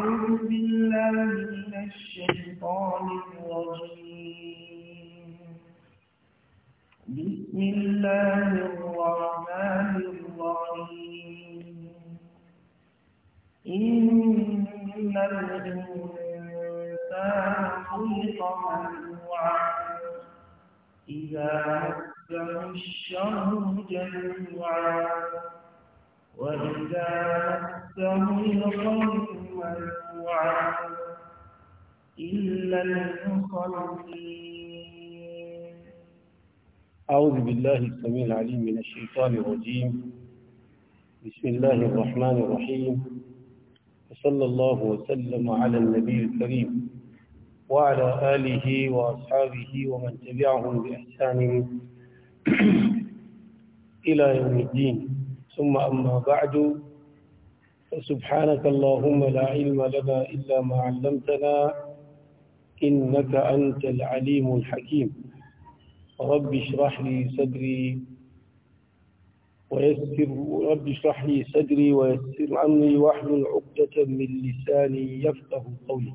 أعوذ بالله من الشيطان الرجيم بسم الله الرحمن الرحيم إن الإنسان خلق منوعا إذا مسه الشر جميعا وإذا مسه الخلق ممنوعا إلا المصلين أعوذ بالله السميع العليم من الشيطان الرجيم بسم الله الرحمن الرحيم وصلى الله وسلم على النبي الكريم وعلى آله وأصحابه ومن تبعهم بإحسان إلى يوم الدين ثم أما بعد سبحانك اللهم لا علم لنا إلا ما علمتنا إنك أنت العليم الحكيم رب اشرح لي صدري ويسر رب اشرح لي صدري ويسر أمري واحلل عقدة من لساني يفقه قولي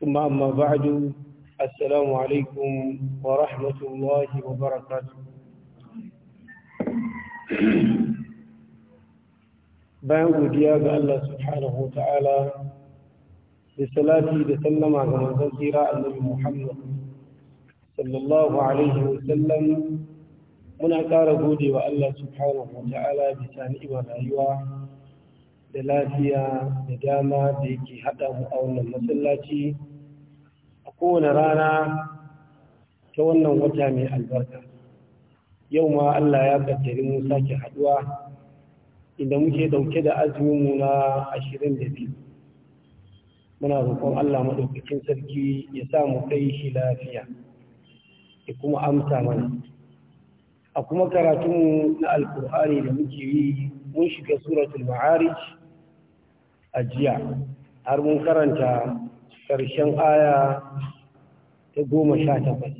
ثم أما بعد السلام عليكم ورحمة الله وبركاته bayan godiya ga Allah subhanahu wa ta'ala da salati da sallama ga manzon tsira annabi Muhammad sallallahu alaihi wa muna ƙara gode wa Allah subhanahu wa ta'ala bisa ni'imar rayuwa da lafiya da dama da yake haɗa mu a wannan masallaci a kowane rana ta wannan wata mai albarka yau ma Allah ya kaddari mu sake haɗuwa inda muke dauke da mu na ashirin da biyu muna roƙon Allah maɗaukakin sarki ya sa mu kai shi lafiya ya kuma amsa mana a kuma karatunmu na alkur'ani da muke yi mun shiga suratul ma'arij a jiya har mun karanta ƙarshen aya ta goma sha takwas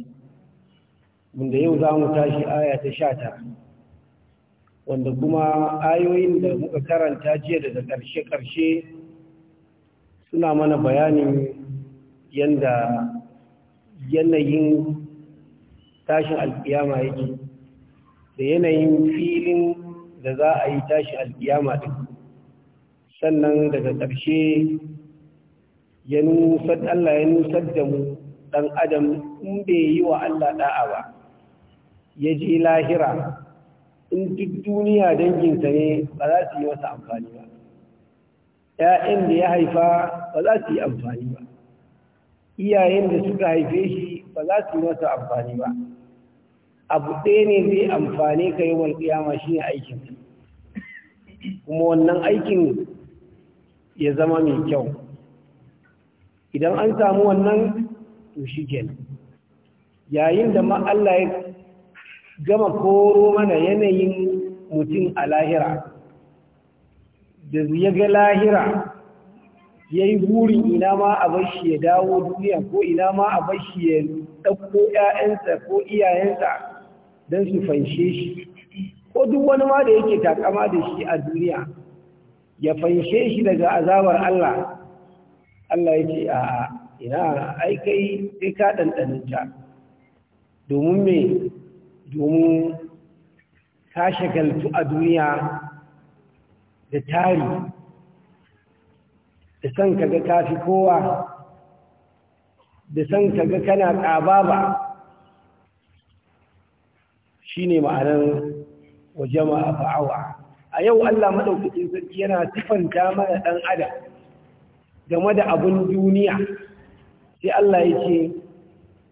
wanda yau za mu tashi aya ta sha tara wanda kuma ayoyin da muka karanta jiya daga ƙarshe-ƙarshe suna mana bayanin yadda yanayin tashin alkiyama yake da yanayin filin da za a yi tashin alkiyama ɗin sannan daga ƙarshe ya nusar Allah ya nusar da mu ɗan adam in bai yi wa Allah ɗa'a ba ya ji lahira in duk duniya danginsa ne ba za su yi masa amfani ba ‘ya'yan da ya haifa ba za su yi amfani ba iyayen da suka haife shi ba za su yi masa amfani ba abu ɗaya ne zai amfani ka yi wal shi ne aikin kuma wannan aikin ya zama mai kyau idan an samu wannan to shi yayin da ma Allah ya gama koro mana yanayin mutum a lahira da ya ga lahira ya yi burin ina ma a bashi ya dawo duniya ko ina ma a bashi ya ɗauko ‘ya'yansa ko iyayensa don su fanshe shi ko duk wani ma da yake takama da shi a duniya ya fanshe shi daga azabar Allah Allah ya ce a ina aikai sai ka ɗanɗaninta domin me domin ka shagaltu a duniya da tari da san kaga kafi kowa da san kaga kana ƙababa shi ne ma'anar waje fa'awa a yau Allah maɗaukacin sarki yana tufanta mana ɗan adam game da abin duniya sai Allah ya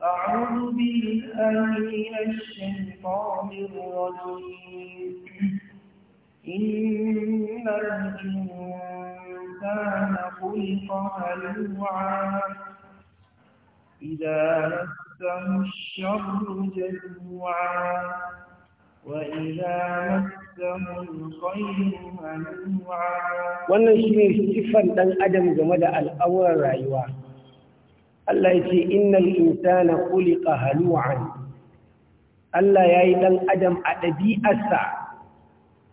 أعوذ بالله من الشيطان الرجيم إن الإنسان خلق هلوعا إذا مسه الشر جزوعا وإذا مسه الخير منوعا wannan shine sifan dan adam game da al'amuran rayuwa Allah ya ce innal insana khuliqa halu'an Allah ya yi ɗan adam a sa.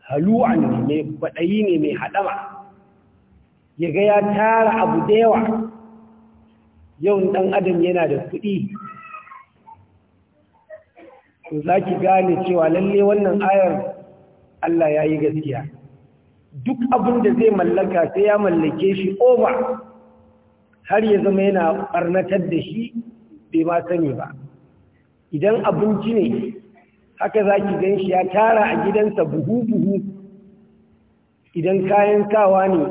halu'an ne mai ne mai haɗama ya ga ya tara abu da yawa Yau ɗan adam yana da kuɗi to za gane cewa lalle wannan ayar Allah ya yi gaskiya duk abin da zai mallaka sai ya mallake shi over har ya zama yana ɓarnatar da shi bai ma sani ba idan abinci ne haka za ki gan shi ya tara a gidansa buhu-buhu idan kayan kawa ne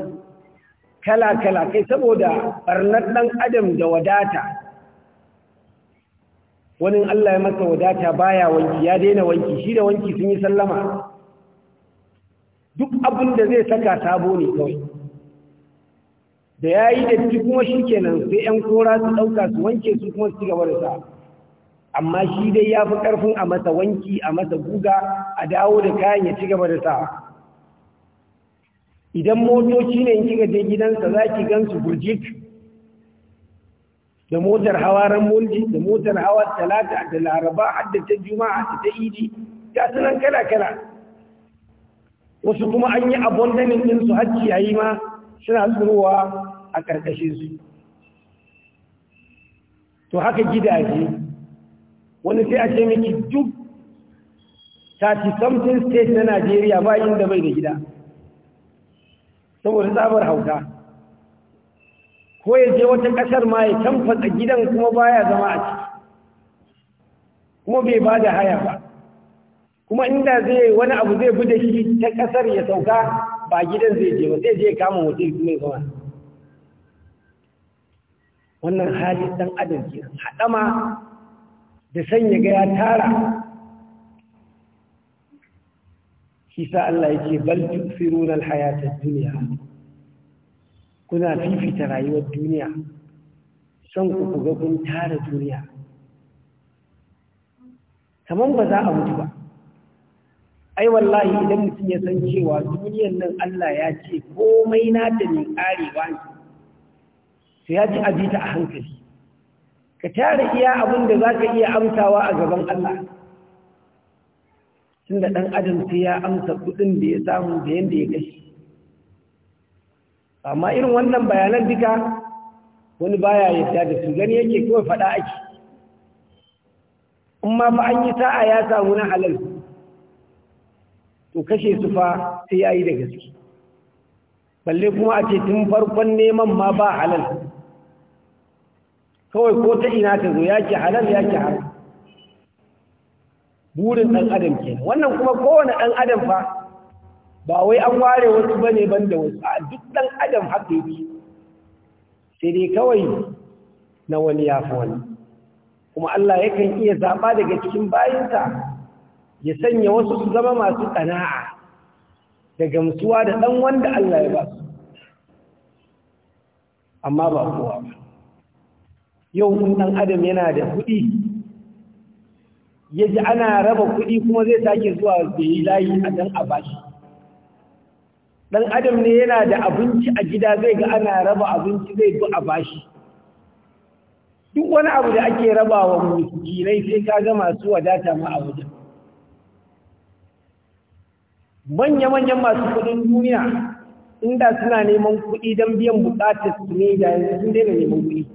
kala-kala kai saboda ɓarnar ɗan adam da wadata wani Allah ya masa wadata baya wanki ya daina wanki shi da wanki sun yi sallama duk abin da zai saka sabo ne kawai da ya yi datti kuma shi kenan sai ‘yan kora su ɗauka su wanke su kuma su gaba da sa amma shi dai ya fi ƙarfin a masa wanki a masa guga a dawo da kayan ya ci gaba da sa idan motoci ne kika je gidansa za ki gansu burjik da motar hawa ramulji da motar hawa talata da laraba hadda ta juma'a da ta idi ta sunan kala-kala wasu kuma an yi abondanin ɗinsu har ciyayi ma suna tsirowa a ƙarƙashin su to haka gidaje wani sai a ce miki duk 30 something state na najeriya ba inda bai da gida saboda tsabar hauka ko ya je wata ƙasar ma ya tamfasa gidan kuma baya zama a ciki kuma bai ba da haya ba kuma inda zai wani abu zai bi da shi ta ƙasar ya sauka ba gidan zai je ba zai je kama mutum mai zama wannan hali dan adam ke haɗama da sanya ga ya tara shi sa Allah yake bal tusiruna alhayatad dunya kuna fifita rayuwar duniya son ku kuga kun tara duniya kamar ba za a mutu ba ai wallahi idan mutum ya san cewa duniyan nan Allah ya ce komai na da ne karewa ne sai ya ji abita a hankali ka tare iya abin da za ka iya amsawa a gaban Allah tun da ɗan adam sai ya amsa kuɗin da ya samu da yadda ya kashi amma irin wannan bayanan duka wani baya yarda da su gani yake kawai faɗa ake in ma fa an yi sa'a ya samu na halal to kashe su fa sai ya yi da gaske balle kuma a ce tun farkon neman ma ba halal kawai ko ta ina ta zo ya ke halal ya ke haram burin ɗan adam ke wannan kuma kowane ɗan adam fa ba wai an ware wasu ba ne ban da wasu a duk ɗan adam haka yake sai dai kawai na wani ya fi wani kuma Allah yakan iya zaɓa daga cikin bayinsa ya sanya wasu su zama masu ƙana'a da gamsuwa da ɗan wanda Allah ya ba su amma ba kowa ba yau ɗan adam yana da kuɗi ya ana raba kuɗi kuma zai sake zuwa da yi a dan a bashi ɗan adam ne yana da abinci a gida zai ga ana raba abinci zai zo a bashi duk wani abu da ake raba wa miskinai sai ka ga masu wadata ma a wajen manya-manyan masu kudin duniya inda suna neman kuɗi don biyan bukatar su ne da yanzu sun daina neman kudi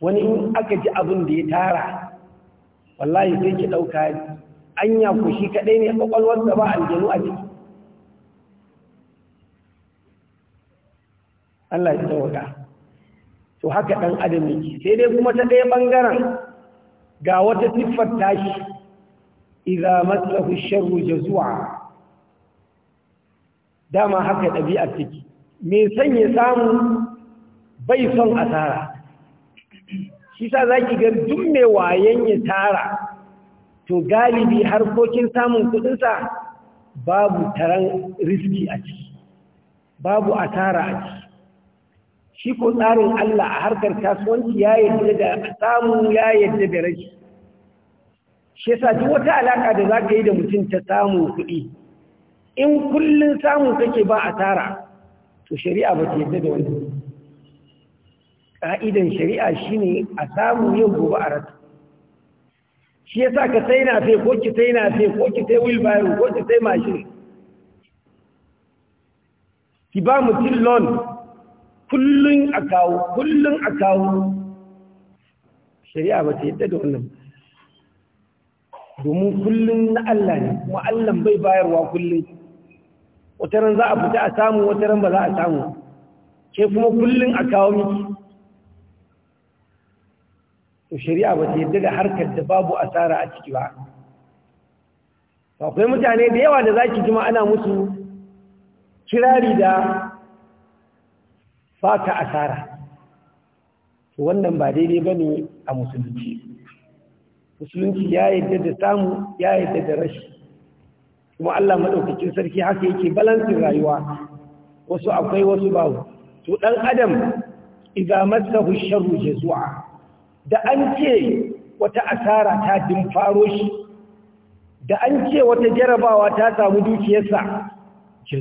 wani in aka ji abin da ya tara wallahi sai ki ɗauka anya ku shi kaɗai ne da ba aljanu a ciki Allah ya tsawaka to haka ɗan adam ne sai dai kuma ta ɗaya ɓangaren ga wata siffar tashi idza matsahu sharru jazua dama haka ɗabi'ar take me sanya samu bai son asara shi sa za ki ga duk mai wayan ya tara to galibi harkokin samun kudinsa babu taron riski a ciki babu asara a ciki shi ko tsarin Allah a harkar kasuwanci ya yadda da samu ya yadda da rashi shi sa duk wata alaka da zaka yi da mutum ta samu kuɗi in kullun samu kake ba asara to shari'a ba ta yadda da wannan ƙa'idan shari'a shi ne a samu yin gobe a rasa shi sa ka sai na fe ko ki sai na fe ko ki sai wheelbarrow ko ki sai mashin ki ba mutum loan kullum a kawo kullum a kawo shari'a ba ta yi da wannan domin kullum na Allah ne kuma Allah bai bayarwa kullum wata za a fita a samu wata ba za a samu ke kuma kullum a kawo miki to shari'a ba ta yadda da harkar da babu asara a ciki ba akwai mutane da yawa da za ki jima ana musu kirari da fata asara to wannan ba daidai ba ne a musulunci musulunci ya yadda da samu ya yadda da rashi kuma allah maɗaukacin sarki haka yake balansin rayuwa wasu akwai wasu babu to ɗan adam iza masa hushen zuwa da an ce wata asara ta dimfaro shi da an ce wata jarabawa ta samu dukiyarsa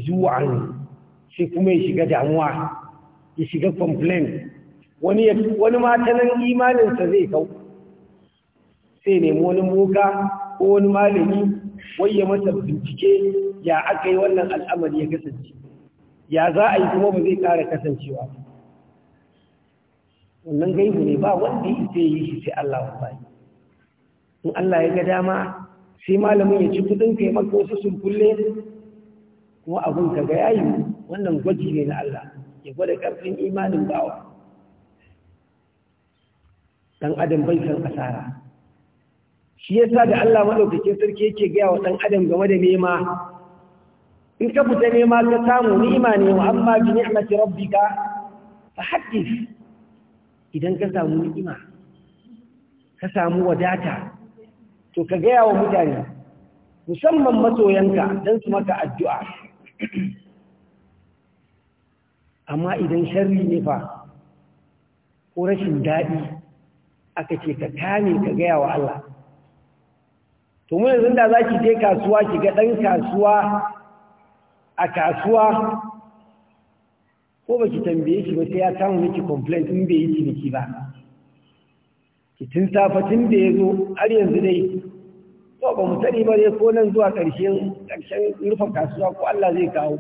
zuwa an sai kuma ya shiga damuwa ya shiga complain wani wani imaninsa zai kau sai nemi wani moka ko wani malami wai ya masa bincike ya aka yi wannan al'amari ya kasance ya za a yi kuma ba zai ƙara kasancewa ba wannan gaibu ne ba wanda ya yi shi sai Allah wallahi in Allah ya ga dama sai malamin ya ci kudin kai maka wasu kulle kuma abun ka ga yayi wannan gwaji ne na Allah ya gwada karfin imanin bawa dan adam bai san asara shi yasa da Allah madaukakin sarki yake ga wa dan adam game da nema in ka fita nema ka samu ni'ima ne wa amma bi ni'mati rabbika fa hadith idan ka samu ni'ima ka samu wadata to ka gaya wa mutane musamman masoyanka don su maka addu'a amma idan sharri ne fa ko rashin daɗi aka ce ka kame ka gaya wa Allah to mun yanzu da za ki je kasuwa ki ga ɗan kasuwa a kasuwa ko ba ki tambaye shi ba sai ya samu miki complaint in bai yi ciniki ba ki tun tun da ya zo har yanzu dai Ko ba mu sani ba dai ko nan zuwa ƙarshen ƙarshen rufin kasuwa ko Allah zai kawo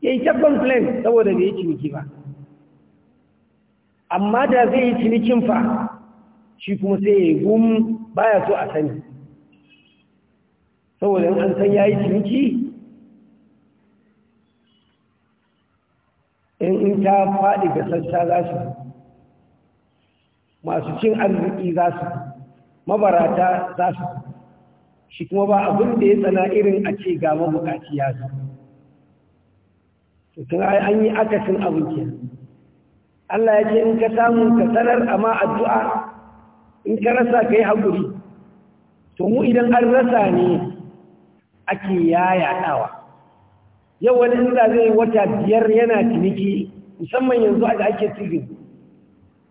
ya yi ta complaint saboda bai yi ciniki ba amma da zai yi cinikin fa shi kuma sai ya yi gum baya so a sani saboda an san ya yi ciniki in ta faɗi ga sassa za su masu cin arziki za su mabarata za su shi kuma ba abin da ya tsana irin a ce ga mabukaci ya su tun an yi akasin abin ke Allah ya ce in ka samu ka sanar amma addu'a in ka rasa ka yi haƙuri to mu idan an rasa ne ake yaya ɗawa yau wani inda zai wata biyar yana ciniki musamman yanzu a da ake season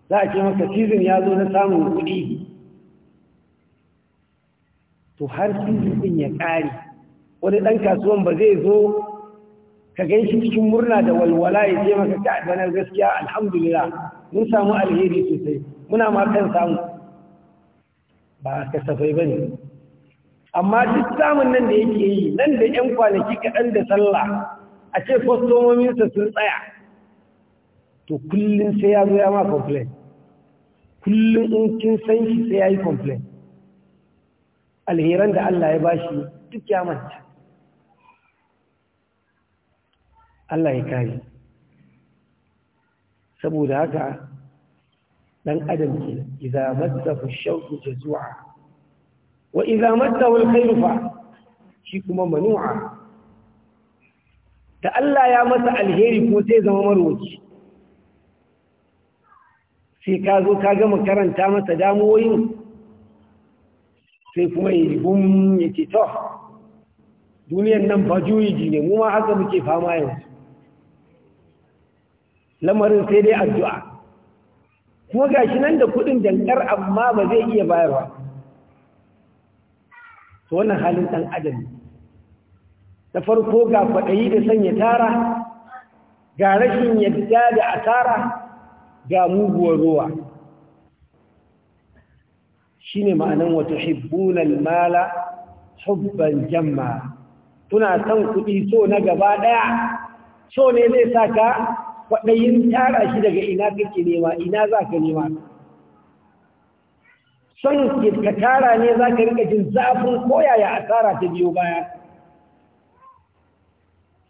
za a ce maka season ya zo na samun kuɗi to har season ɗin ya ƙare wani ɗan kasuwan ba zai zo ka gan shi cikin murna da walwala ya ce maka ka ganar gaskiya alhamdulillah mun samu alheri sosai muna ma kan samu ba kasafai ba ne amma duk samun nan da yake yi nan da 'yan kwanaki kaɗan da sallah a ce kwastomominsa sun tsaya to kullum sai ya zo ya ma complain kullum in kin san shi sai ya yi complain alheran da Allah ya bashi duk ya manta Allah ya kare saboda haka dan adam ke idza massahu shawqu jazua wa idza wal alkhairu fa shi kuma manu'a da Allah ya masa alheri ko sai zama marwaci sai ka zo ka gama karanta masa damuwoyin sai kuma yi gum ya ce to duniyan nan ba juyi ne mu ma haka muke fama yanzu lamarin sai dai addu'a kuma gashi nan da kudin dankar amma ba zai iya bayarwa to wannan halin ɗan adam da farko ga kwaɗayi da sanya tara ga rashin yadda da asara ga muguwar ruwa shi ne ma'anan wata hibbunan mala hubban jamma tuna son kuɗi so na gaba ɗaya so ne zai sa ka kwaɗayin tara shi daga ina kake nema ina za ka nema son ka tara ne za ka rika jin zafin koyaya asara ta biyo baya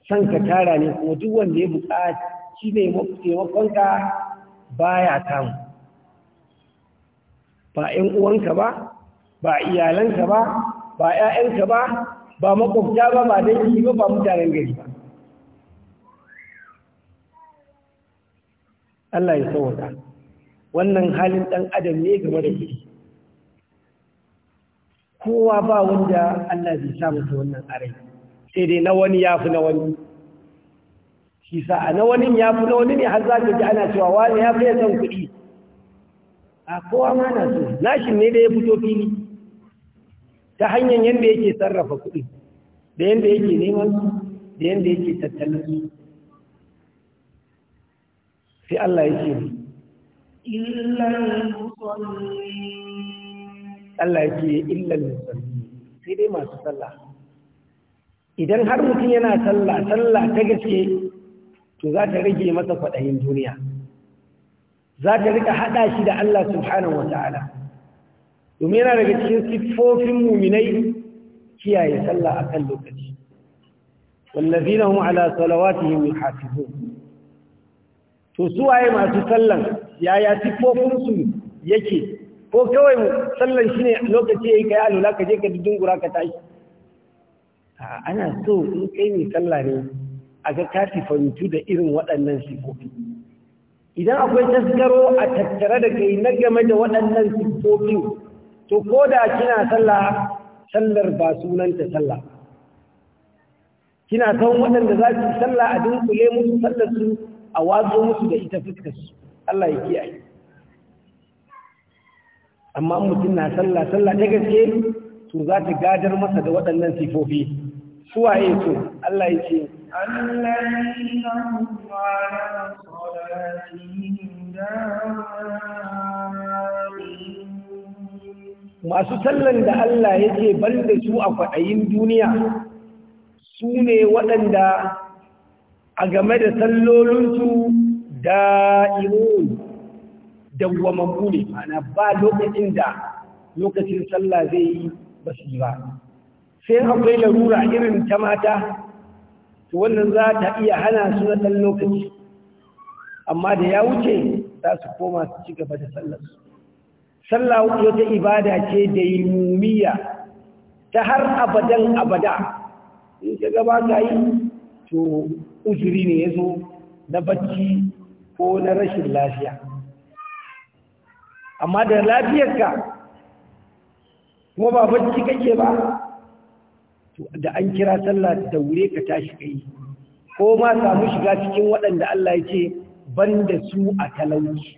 son ka tara ne kuma duk wanda ya buƙaci ne taimakonka ya kamu ba 'yan uwanka ba ba iyalanka ba ba 'ya'yanka ba ba makwabta ba ba dangi ba ba mutanen gari ba Allah ya sauwata wannan halin ɗan adam ne game da kuɗi kowa ba wanda Allah zai sa ta wannan arai sai dai na wani ya fi na wani shi sa na wani ya fi na wani ne har za ka ji ana cewa wani ya fi ya san kuɗi a kowa ma na so nashin ne da ya fito fili ta hanyar yadda yake sarrafa kuɗi da yadda yake neman su da yadda yake tattalin su sai Allah ya ce Allah ya ce illal musalli sai dai masu sallah idan har mutum yana sallah sallah ta gaske to za ta rage masa kwaɗayin duniya za ta rika haɗa shi da Allah subhanahu wata'ala domin yana daga cikin siffofin muminai kiyaye sallah akan lokaci wallazina hum ala salawatihim yuhafizun to su waye masu sallan yaya siffofin su yake ko kawai sallan shi ne lokaci ya yi ka yi alula ka je ka dungura ka tashi ana so in kai ne sallah ne a ga ka sifantu da irin waɗannan sifofi idan akwai taskaro a tattare da kai na game da waɗannan sifofin to ko da kina sallah sallar ba sunanta sallah kina san waɗanda za su sallah a dunkule musu sallar su a wazo musu da ita fuskar Allah ya kiyaye amma mutum na sallah sallah ta gaske to za ta gadar masa da waɗannan sifofi suwaye to Allah ya ce masu sallan da Allah yake ban da su a kwaɗayin duniya su ne waɗanda a game da sallolinsu da'imun dawwamammu ne ma'ana ba lokacin da lokacin sallah zai yi ba su ba sai akwai larura irin ta mata to wannan za ta iya hana su na ɗan lokaci amma da ya wuce za su koma su ci gaba da sallarsu sallah wata ibada ce da yimmiya ta har abadan abada in ka gaba ka yi to uzuri ne ya zo na bacci ko na rashin lafiya amma da lafiyarka kuma ba bacci kake ba da an kira sallah da wure ka tashi kai ko ma samu shiga cikin waɗanda Allah ya ce banda su a talauci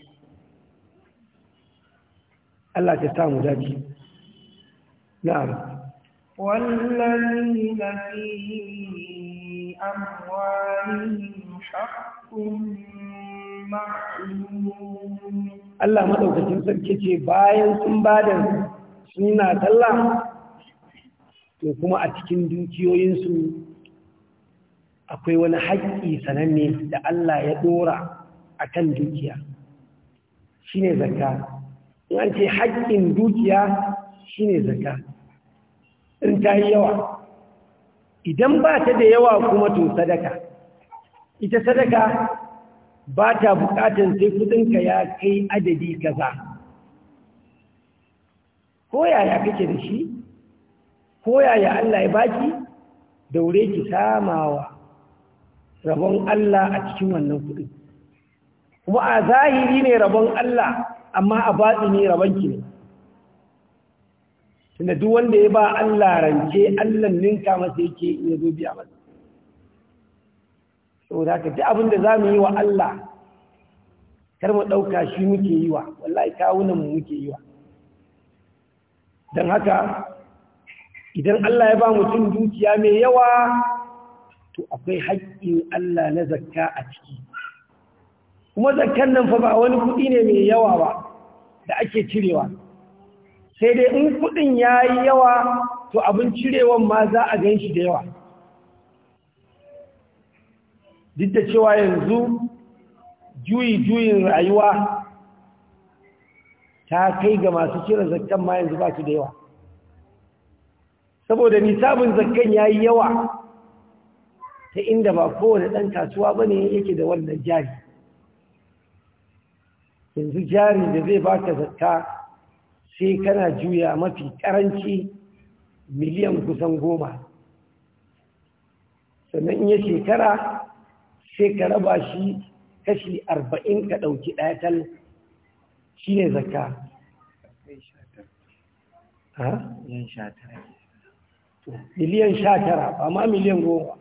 Allah ta mu dace na'am والذين في أموالهم حق معلوم Allah maɗaukacin sarki ce bayan sun ba da suna talla to kuma a cikin dukiyoyinsu akwai wani haƙƙi sananne da Allah ya ɗora a kan dukiya shi ne zaka in an ce haƙƙin dukiya shi ne zaka in ta yi yawa idan ba ta da yawa kuma to sadaka ita sadaka ba ta bukatan sai kudinka ya kai adadi kaza ko yaya kake da shi ko yaya Allah ya baki daure ki samawa rabon Allah a cikin wannan kudin kuma a zahiri ne rabon Allah amma a batsi ne rabon ki ne tunda duk wanda ya ba Allah rance Allah ninka masa yake ya zo biya masa saboda haka duk abin da za mu yi wa Allah kar mu ɗauka shi muke yi wa wallahi kawunan mu muke yi wa don haka idan Allah ya ba mutum dukiya mai yawa to akwai haƙƙin Allah na zakka a ciki kuma zakkan nan fa ba wani kuɗi ne mai yawa ba da ake cirewa sai dai in kuɗin ya yi yawa to abin cirewan ma za a gan shi da yawa duk da cewa yanzu juyi-juyin rayuwa ta kai ga masu cire zakkan ma yanzu ba su da yawa saboda nisabin zakkan ya yi yawa ta inda ba kowane ɗan kasuwa ba ne yake da wannan jari yanzu jari da zai baka zakka sai kana juya mafi ƙaranci miliyan kusan goma sannan in ya shekara sai ka raba shi kashi arba'in ka ɗauki ɗaya shi ne zakka miliyan sha tara ba ma miliyan goma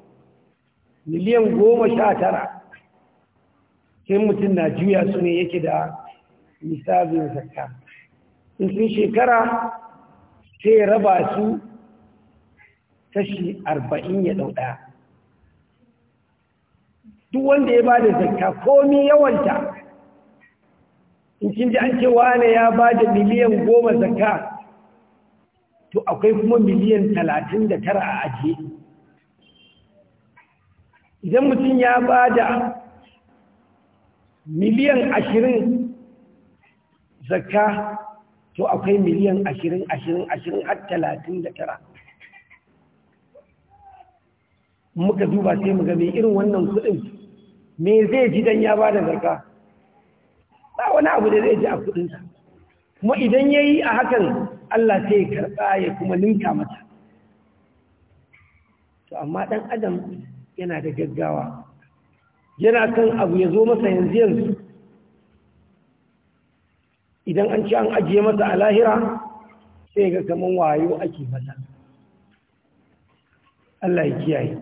miliyan goma sha tara sai mutum na juya su ne yake da misabin zaka in sun shekara sai raba su kashi arba'in ya ɗau ɗaya duk wanda ya bada zakka komi yawanta in kin ji an ce wane ya bada miliyan goma zakka to akwai kuma miliyan talatin da tara a ajiye idan mutum ya bada miliyan ashirin zakka to akwai miliyan ashirin ashirin ashirin har talatin da tara muka duba sai mu ga mai irin wannan kudin me zai ji dan ya ba da zarka ba wani abu da zai ji a kudinsa kuma idan ya yi a hakan Allah sai karɓa ya kuma ninka mata to amma ɗan adam yana da gaggawa yana kan abu ya zo masa yanzu yanzu idan an ci an ajiye masa a lahira sai ga kaman wayo ake mata Allah ya kiyaye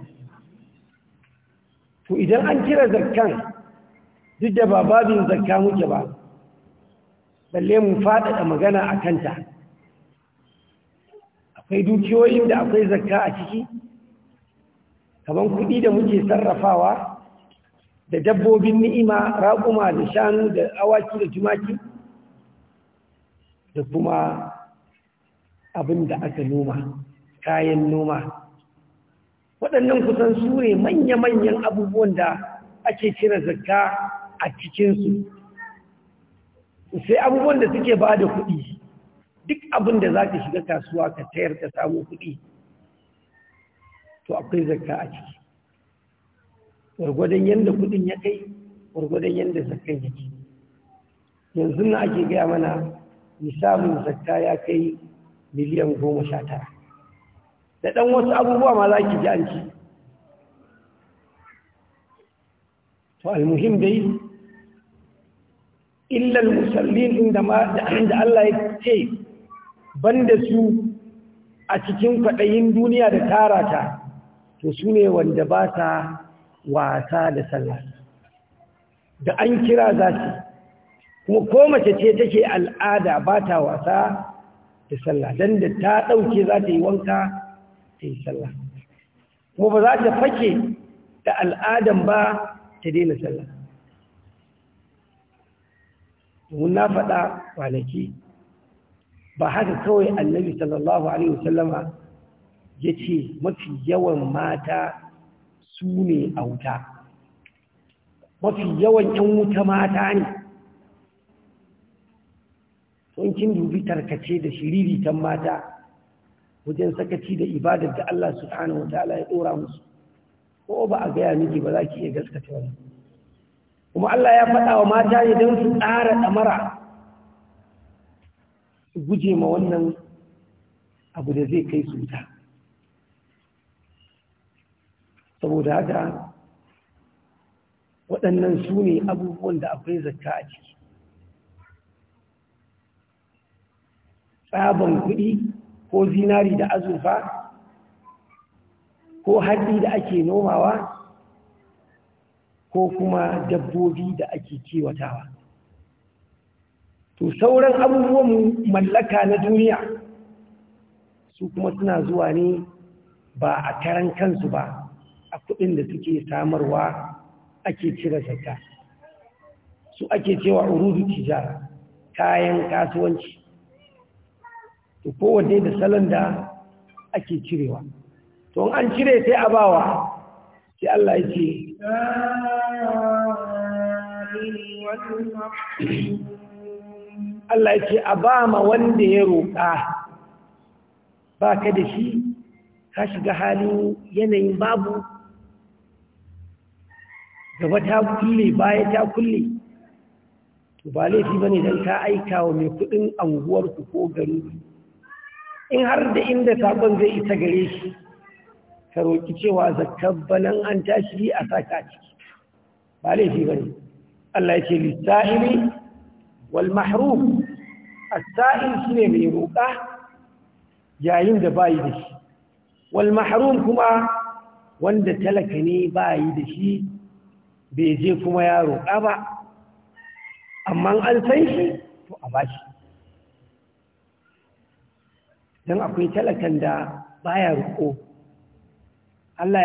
to idan an kira zakkan duk da ba babin zakka muke ba balle mu faɗaɗa magana a kanta akwai dukiyoyin da akwai zakka a ciki kaman kuɗi da muke sarrafawa da dabbobin ni'ima raƙuma da shanu da awaki da jumaki da kuma abin da aka noma kayan noma waɗannan kusan su ne manya-manyan abubuwan da ake kira zakka a cikinsu sai abubuwan da suke ba da kuɗi duk abin da za ka shiga kasuwa ka tayar ka samu kuɗi to akwai zakka a ciki gwargwadon yadda kuɗin ya kai gwargwadon yadda zakkan ya ke yanzu na ake gaya mana misalin zakka ya kai miliyan goma sha tara da ɗan wasu abubuwa ma za ki ji an ci to almuhim dai illal musallin inda Allah ya ce banda su a cikin kwaɗayin duniya da tara ta to su ne wanda ba ta wasa da sallah da an kira za su kuma ko mace ce take al'ada ba ta wasa da sallah don da ta ɗauke za ta yi wanka ta yi sallah kuma ba za ta fake da al'adan ba ta daina sallah mun na faɗa kwanaki ba haka kawai annabi sallallahu alaihi wasallama ya ce mafi yawan mata su ne a wuta mafi yawan ‘yan wuta mata ne tsunkin dubi tarkace da shiriritan mata wajen sakaci da ibadar da Allah subhanahu wa ta'ala ya dora musu ko ba a gaya miki ba za ki iya gaskata wani kuma Allah ya faɗa wa mata ne don su tsara ɗamara su guje ma wannan abu da zai kai su wuta saboda haka waɗannan su ne abubuwan da akwai zakka a ciki tsaban kuɗi ko zinari da azurfa ko haɗi da ake nomawa ko kuma dabbobi da ake kewatawa to sauran abubuwan mallaka na duniya su kuma suna zuwa ne ba a karan kansu ba a kudin da suke samarwa ake cire zakka su ake cewa urudu tijara kayan kasuwanci to kowane da salon da ake cirewa to an cire sai a bawa sai Allah ya Allah yake a ba ma wanda ya roƙa ba ka da shi ka shiga hali yanayin babu gaba ta kulle baya ta kulle to ba laifi ne dan ka aika wa mai kudin anguwarku ko garinku in har da inda sabon zai isa gare shi ka roƙi cewa zakabbanan banan an tashi a saka ciki ba laifi ba ne Allah ya ce wal mahrum as-sa'il shine mai roƙa yayin da bayi da shi wal mahrum kuma wanda talaka ne bayi da shi bai je kuma ya roƙa ba amma an san shi to a bashi don akwai talakan da baya ruko Allah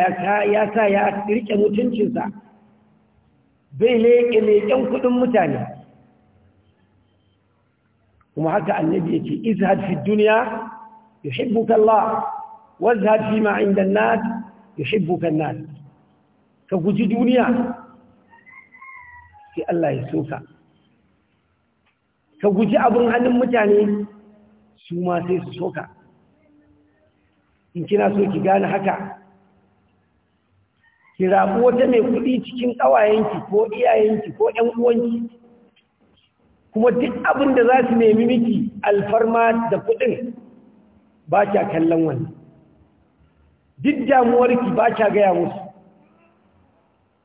ya sa ya rike mutuncinsa bai leƙe leƙen kuɗin mutane kuma haka annabi yake, ce izhad fi duniya yuhibbuka Allah wazhad fi ma inda nas yuhibbuka nas ka guji duniya sai Allah ya soka ka guji abun hannun mutane su ma sai su soka in kina so ki gane haka ki rabu wata mai kuɗi cikin ƙawayenki ko iyayenki ko ‘yan uwanki kuma duk abin da za su nemi miki alfarma da kuɗin ba kya kallon wani. duk damuwarki ba kya gaya musu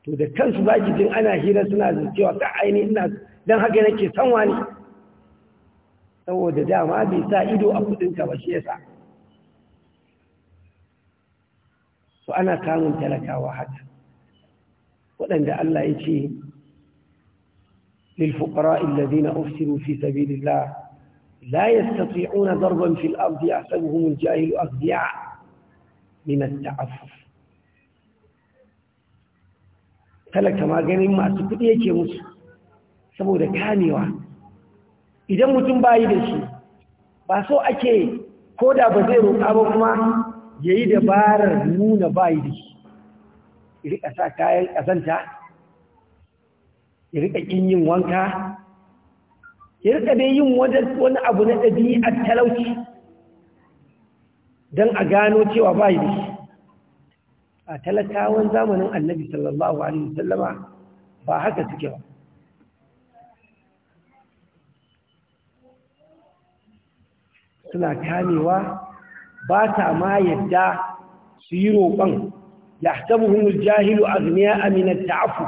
to da kansu ba ki jin ana hira suna cewa ka aini ina don haka nake sanwa ne saboda dama bai sa ido a kudinka ba shi yasa so ana kamun talakawa haka waɗanda Allah ya ce للفقراء الذين أفسروا في سبيل الله لا يستطيعون ضربا في الأرض يحسبهم الجاهل أغذياء من التعفف talaka maganin masu kuɗi yake musu saboda kamewa idan mutum bayi da shi ba so ake ko da ba zai roƙa ba kuma ya yi dabarar nuna bayi da shi riƙa sa kayan ƙazanta ya riƙa yin wanka ya dai yin wani abu na ɗabi'ar talauci don a gano cewa bayi da shi a talakawan zamanin annabi sallallahu alaihi wasallama ba haka suke ba suna kamewa ba ta ma yadda su yi roƙon ya tabuhun jahilu azmiya aminar ta'afu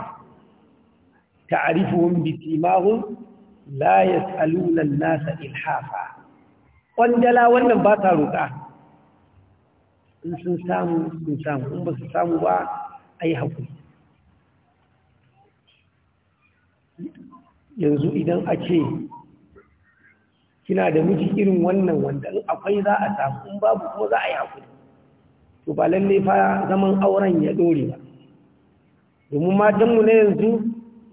ta'arifuhun bitimahun la ya tsalunan nasa ilhafa ƙwandala wannan ba ta roƙa in sun samu sun samu in ba su samu ba a yi haƙuri yanzu idan ake kina da miji irin wannan wanda in akwai za a samu in babu kuma za a yi hakuri to ba lallai fa zaman auren ya dore ba domin matanmu na yanzu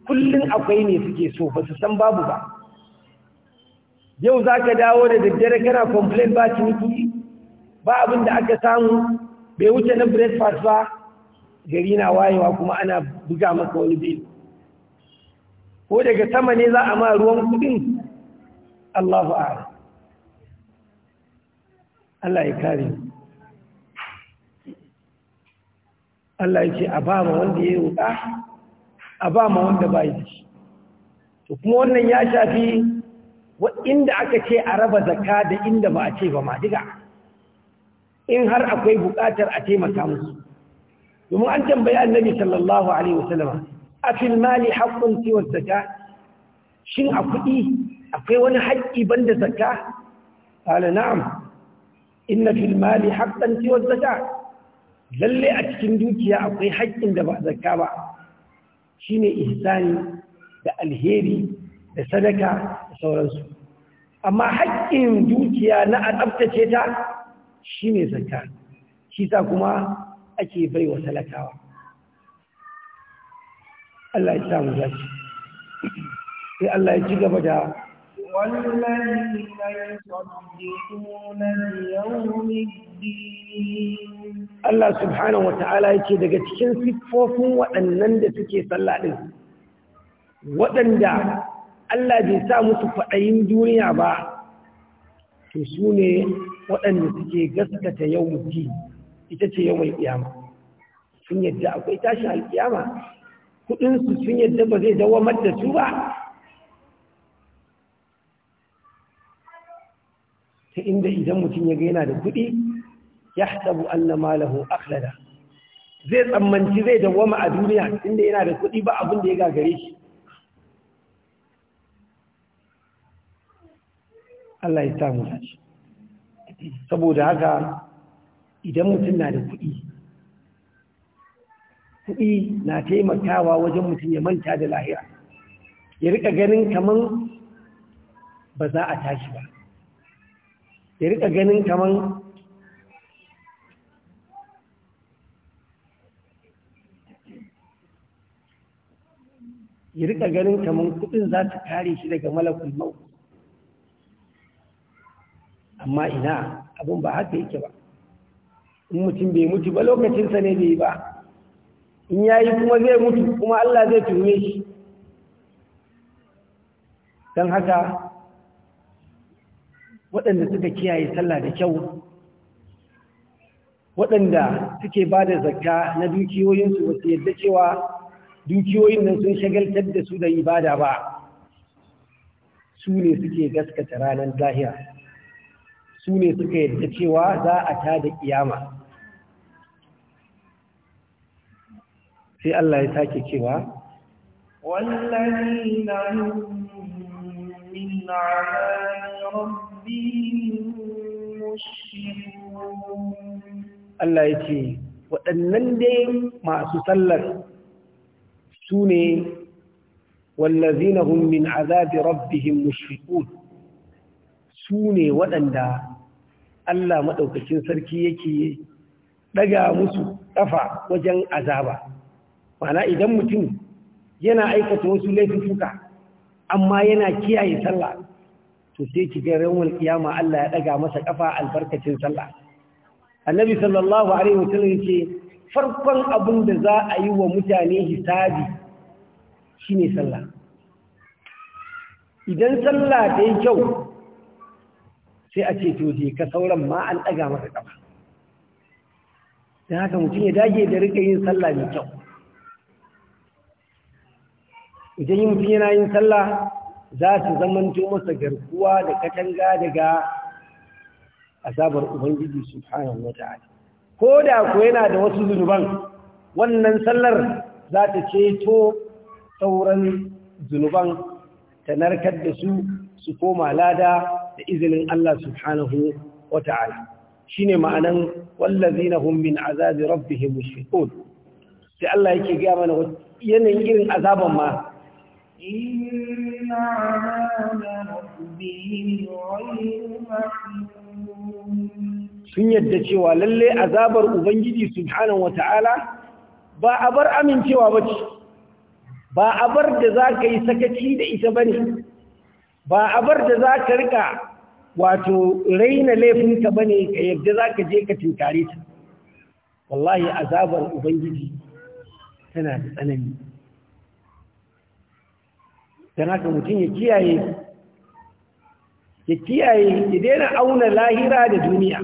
kullum akwai ne suke so ba su san babu ba yau za ka dawo da daddare kana complain ba ciniki ba abin da aka samu bai wuce na breakfast ba gari na wayewa kuma ana buga maka wani biyu ko daga sama ne za a ma ruwan kudin Allahu a'lam Allah ya kare Allah yake a ba ma wanda ya yi wuka a ba ma wanda ba yi to kuma wannan ya shafi inda aka ce a raba zakka da inda ba a ce ba ma diga in har akwai bukatar a taimaka musu domin an tambayi annabi sallallahu alaihi wasallam a fil mali haqqun fi zakka shin a kuɗi akwai wani haƙƙi banda zakka qala na'am inna fil mali haqqan fi zakka lalle a cikin dukiya akwai haƙƙin da ba zakka ba shine ihsani da alheri da sadaka da sauransu amma haƙƙin dukiya na a tsaftace ta shine zakka shi ta kuma ake bai wa talakawa Allah ya samu dace sai Allah ya ci gaba da والذين يصدقون بيوم الدين الله سبحانه وتعالى yake daga cikin siffofin waɗannan da suke sallah din waɗanda Allah bai sa musu faɗayin duniya ba to su ne waɗanda suke gaskata yau mutu, ita ce yau mai ƙiyama sun yadda akwai tashin alƙiyama kuɗinsu sun yadda ba zai dawamar da su ba ta inda idan mutum ya ga yana da kuɗi ya haɗabu anna malahu akhlada zai tsammanci zai dawama a duniya inda yana da kuɗi ba abin da ya gagare shi Allah ya samu shi saboda haka idan mutum na da kuɗi kuɗi na taimakawa wajen mutum ya manta da lahira ya rika ganin kaman ba za a tashi ba ya rika ganin kaman ya rika ganin kaman kudin za ta kare shi daga malakul maut amma ina abun ba haka yake ba in mutum bai mutu ba lokacinsa ne bai ba in yayi kuma zai mutu kuma Allah zai tume shi don haka waɗanda suka kiyaye sallah da kyau waɗanda suke ba da zakka na dukiyoyinsu ba su yadda cewa dukiyoyin nan sun shagaltar da su da ibada ba su ne suke gaskata ranar zahira su ne suka yadda cewa za a ta da kiyama sai Allah ya sake cewa والذين na yi عذاب ربهم Allah ya ce waɗannan dai masu sallar su ne wallazina min azabi rabbihim mushfiqun su ne waɗanda Allah maɗaukacin sarki yake ɗaga musu ƙafa wajen azaba mana idan mutum yana aikata wasu laifuka amma yana kiyaye sallah to sai ki ga yawan kiyama Allah ya daga masa kafa albarkacin sallah annabi sallallahu alaihi wasallam yace farkon abin da za a yi wa mutane hisabi shine sallah idan sallah ta yi kyau sai a ce to je ka sauran ma an daga masa kafa dan haka mutum ya dage da rike yin sallah mai kyau idan mutum yana yin sallah za su zamanto masa garkuwa da katanga daga azabar ubangiji subhanahu wata'ala ko da ku yana da wasu zunuban wannan sallar za ta ceto sauran zunuban ta narkar da su su koma lada da izinin Allah subhanahu wata'ala shine ma'anan wallazina hum min azabi rabbihim mushfiqun sai Allah yake gaya mana yanayin irin azaban ma إنا ما نحبه غير مكنون sun yadda cewa lalle azabar ubangiji subhanahu wata'ala ba a bar amincewa bace ba a bar da zaka yi sakaci da ita bane ba a bar da zaka rika wato raina laifinka bane ka yadda zaka je ka tinkare ta wallahi azabar ubangiji tana da tsanani don haka mutum ya kiyaye ya kiyaye ya daina auna lahira da duniya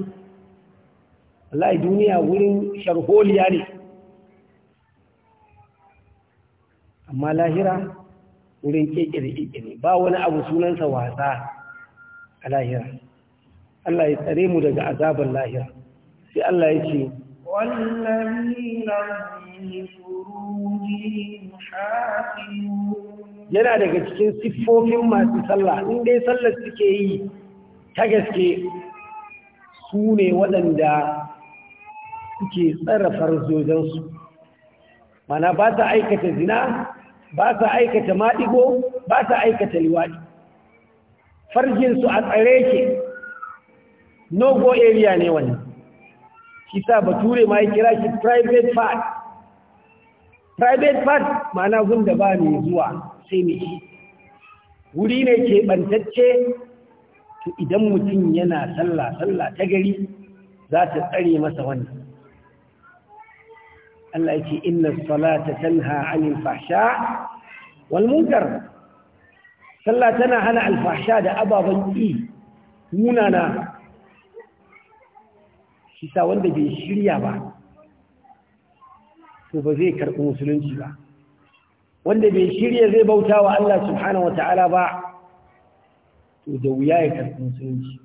Allah duniya wurin sharholiya ne amma lahira wurin keke da keke ne ba wani abu sunansa wasa a lahira Allah ya tsare mu daga azabar lahira sai Allah ya ce wallazina min furuji mushafi yana daga cikin siffofin masu sallah in dai sallar suke yi ta gaske su ne waɗanda suke tsara farzojensu mana ba ta aikata zina ba ta aikata maɗigo ba ta aikata liwaɗi Farginsu a tsare ke no go area ne wani, shi sa bature ma yi kira shi private part private part ma'ana da ba mai zuwa sai mai wuri ne ke bantacce to idan mutum yana sallah sallah ta gari za ta tsare masa wannan Allah ya ce inna salata tanha anil fahsha wal munkar sallah tana hana alfasha da ababan ki munana shi sa wanda bai shirya ba to ba zai karɓi musulunci ba wanda bai shirya zai bauta wa Allah subhanahu wa ba to da wuya ya karɓi musulunci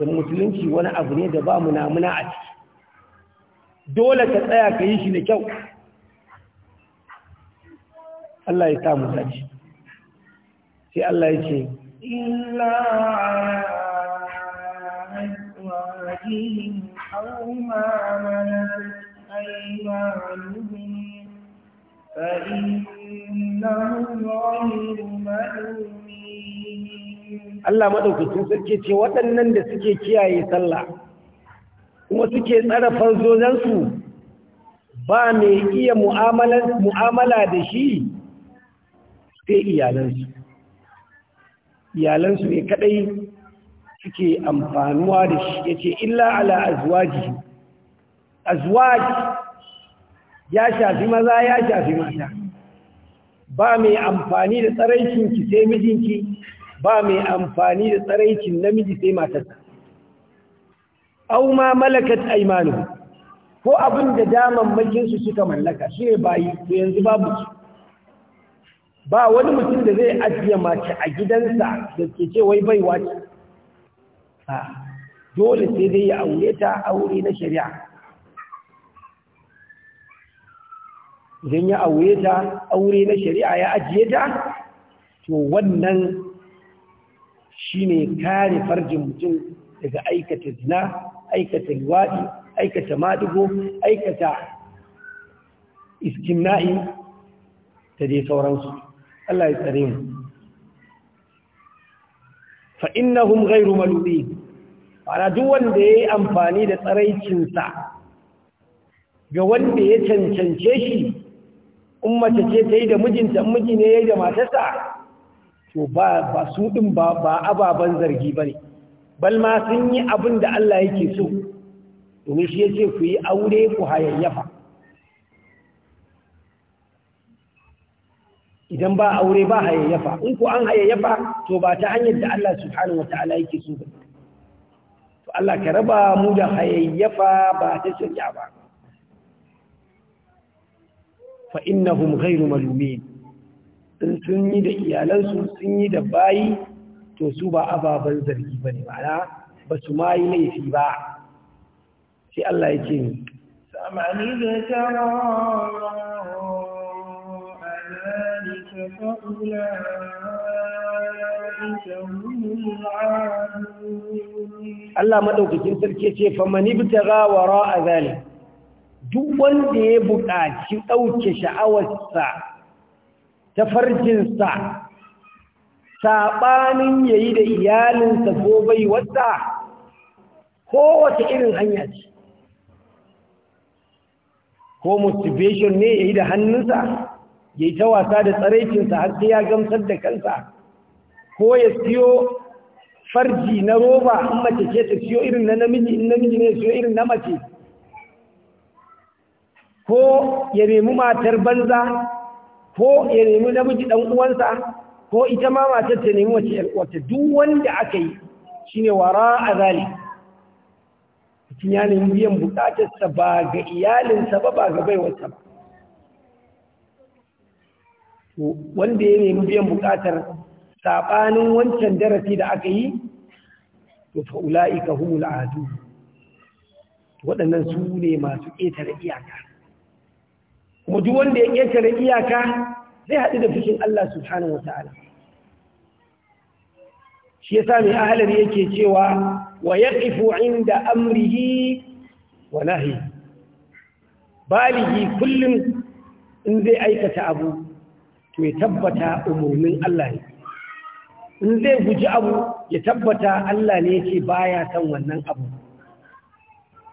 don musulunci wani abu ne da ba munamuna a ciki dole ka tsaya ka yi shi da kyau Allah ya samu zaci sai Allah ya ce illa allah Allah غير ملومين الله مدوكتين da suke kiyaye sallah kuma suke tsara farzozansu ba mai iya mu'amala da shi sai iyalansu iyalansu ne kaɗai suke amfanuwa da shi Ya ce illa ala jiki. azwaj ya shafi maza ya shafi mata ba mai amfani da tsaraicinki sai mijinki ba mai amfani da tsaraicin namiji sai matarsa au ma malakat aymanu ko abin da damammakin su suka mallaka shi ne bayi to yanzu babu su ba wani mutum da zai ajiye mace a gidansa da ke ce wai baiwa ce dole sai dai ya aure ta aure na shari'a idan ya aure ta aure na shari'a ya ajiye ta to wannan shine kare farjin mutum daga aikata zina aikata liwaɗi aikata madugo aikata istimna'i ta dai sauransu Allah ya tsare mu fa innahum ghairu malubi ana duk wanda yayi amfani da tsaraicinsa ga wanda ya cancance shi in mace ce ta yi da mijinta in miji ne ya da matarsa to ba ba su din ba ba ababan zargi ba ne. ma sun yi abin da Allah yake so domin shi yace ku yi aure ku hayayyafa idan ba aure ba hayayyafa in ku an hayayyafa to ba ta hanyar da Allah subhanahu wataala yake so ba to Allah ka raba mu da hayayyafa ba ta shirya ba fa innahum ghairu malumin in sun yi da iyalansu sun yi da bayi to su ba ababen zargi bane ma'ana ba su ma yi laifi ba sai Allah ya ce ni samani da Allah maɗaukakin sarki ce famani bi ta a duk wanda ya buƙaci ɗauke sha'awarsa ta farjinsa saɓanin ya yi da iyalinsa ko bai wata ko kowace irin hanya ce ko motivation ne ya yi da hannunsa ya yi ta wasa da tsaraicinsa har sai ya gamsar da kansa ko ya siyo farji na roba in mace ce ta siyo irin na namiji in namiji ne siyo irin na mace ko ya nemi matar banza ko ya nemi namiji dan uwansa ko ita ma matar ta nemi wace ƴan uwarta duk wanda aka yi shine wara a zali mutum ya nemi biyan bukatarsa ba ga iyalinsa ba ba ga baiwarsa ba wanda ya nemi biyan bukatar saɓanin wancan darasi da aka yi to fa'ula'ika humul adu waɗannan su ne masu ƙetare iyaka kuma wanda ya ƙetare iyaka zai haɗu da fushin Allah subhanahu wa ta'ala shi yasa mai ahalar yake cewa wa yaqifu inda amrihi wa nahi baligi kullum in zai aikata abu to ya tabbata umurnin Allah ne in zai guji abu ya tabbata Allah ne yake baya san wannan abu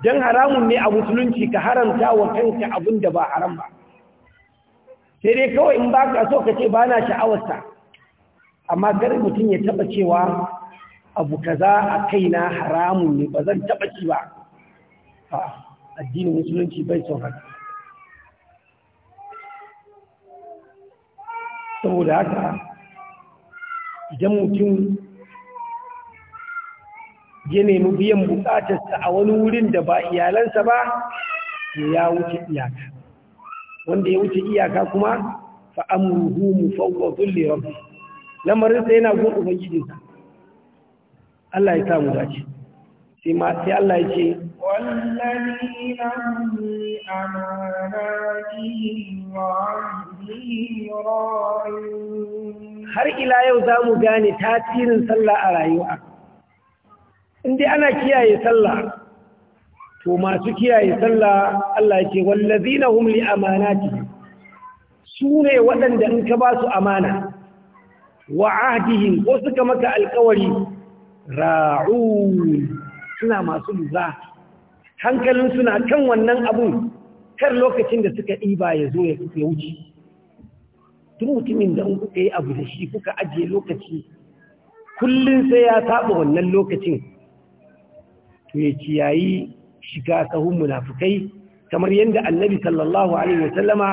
dan haramun ne a musulunci ka haramta wa kanka abin da ba haram ba sai dai kawai in ba ka so ka ce ba na sha'awarsa amma gari mutum ya taba cewa abu ka za a kai na haramun ne ba zan taba ci ba addinin musulunci bai son haka saboda haka idan mutum ya nemi biyan bukatarsa a wani wurin da ba iyalansa ba ya wuce iyaka wanda ya wuce iyaka kuma fa amruhu mufawwadun li rabbi lamarin sai yana gun ubangijinsa Allah ya sa mu dace sai ma sai Allah ya ce har ila yau za mu gane tasirin sallah a rayuwa in ana kiyaye sallah to masu kiyaye sallah Allah yake wallazina hum li amanati su ne waɗanda in ka ba su amana wa ahdihim ko suka maka alkawari ra'un suna masu lura hankalin suna kan wannan abun kar lokacin da suka ɗiba ya zo ya wuce tun mutumin da in kuka yi abu da shi kuka ajiye lokaci kullum sai ya saba wannan lokacin to ya ciyayi shiga sahun munafukai kamar yadda annabi sallallahu alaihi wasallama